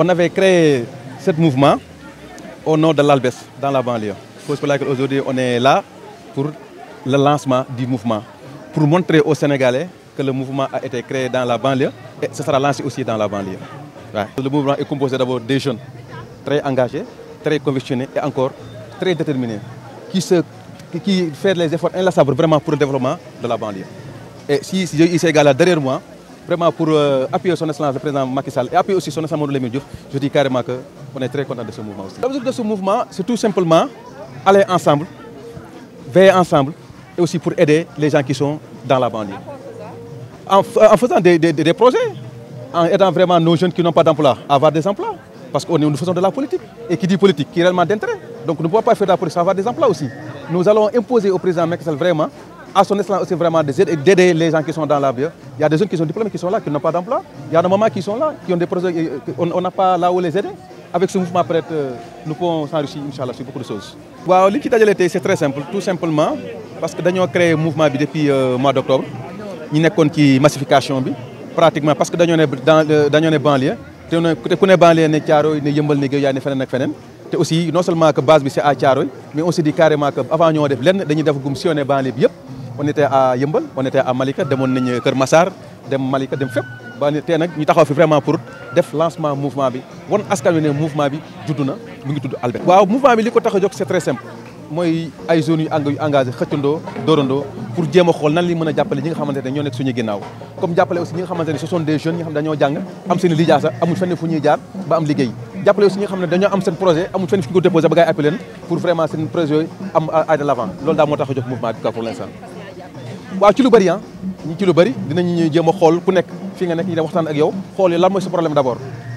on avait créé ce mouvement au nom de l'Albes, dans la banlieue. C'est pour laquelle aujourd'hui on est là pour le lancement du mouvement, pour montrer au Sénégalais que le mouvement a été créé dans la banlieue et ce sera lancé aussi dans la banlieue. Ouais. Le mouvement est composé d'abord des jeunes très engagés, très convictionnés et encore très déterminés, qui, se, qui, les efforts inlassables vraiment pour le développement de la banlieeux. Et si, si ces gars vraiment pour euh, appuyer son excellence le président Macky Sall et appuyer aussi son excellence Mamadou Diouf, je dis carrément que on est très content de ce mouvement aussi. L'objectif de ce mouvement, c'est simplement aller ensemble, veiller ensemble et aussi pour aider les gens qui sont dans la banlieue. En, faisant des, projets, en aidant vraiment nos jeunes qui n'ont pas d'emploi avoir des emplois. Parce que nous faisons de la politique. Et qui dit à son instant aussi vraiment d'aider les gens qui sont dans la vie. Il y a des jeunes qui sont diplômés, qui sont là, qui n'ont pas d'emploi. Il y a des mamans qui sont là, qui ont des projets, on n'a pas là où les aider. Avec ce mouvement prête, euh, nous pouvons s'enrichir, Inch'Allah, sur beaucoup de choses. Wow, l'État c'est très simple, tout simplement, parce que nous avons créé le depuis euh, mois d'octobre. Nous avons une massification, pratiquement, parce que nous sommes dans te aussi non seulement on était à Yëmbal on était à Malika demoon nañu Kër Massar dem Malika dem fépp ba tey na ngi tudd waaw a jóg c'est très simple mooy ay zones yu yu engagé pour jéem xool nan li mën a jàppale ñi nga xamante ne ñoo nekk suñu ginnaaw comme jàppale aussi ñi nga xamante ne ce sont des ñi nga xam dañoo jàng am seen lijaasa am liggéey jàppale aussi fu ñu déposé ba ngay appelé leen pour vraiment seen projet yooyu am à l'avant loolu daal moo tax a jóg mouvement bi pour l'instant waaw ci lu bëri ah ñi ci lu bëri dinañu ñuy a xool ku nekk fi nga ne ñu dem waxtaan ak yow xool yi lan mooy sa problème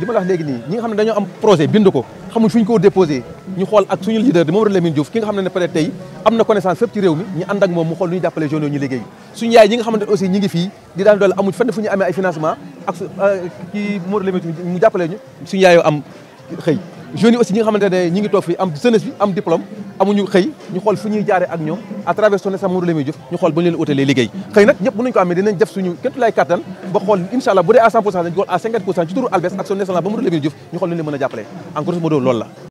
li ma lax wax léegi nii ñi nga xam ne dañoo am projet bind ko xamuñ fu ñu koo déposé ñu xool ak suñu leader di Mamadou Lamine Diouf ki nga xam ne ne peut-être tey am na connaissance fépp ci réew mi ñu ànd ak moom mu xool lu ñu jàppale jeunes ñu liggéey suñu yaay ñi nga xamante ne aussi ñi ngi fii di daan doole amuñ fenn fu ñu amee euh, mu jàppale ñu suñu yaayoo am xëy jeunes yi aussi ñi nga xamante ne ñi ngi toog fii am jeunesse bi am diplôme amuñu xëy ñu xool fu ñuy jaare ak ñoom à travers son Excellence Mamadou Lamine Diouf ñu xool ba ñu leen utalee liggéey xëy nag ñëpp mënuñu ko amee dinañ def suñu kéntu lay kattan ba xool incha allah bu dee à 100 pour cent dañ ko xool à 50 pour cent ci turu Albès ak son Excellence Mamadou ñu mën a jàppalee en grosso modo loolu la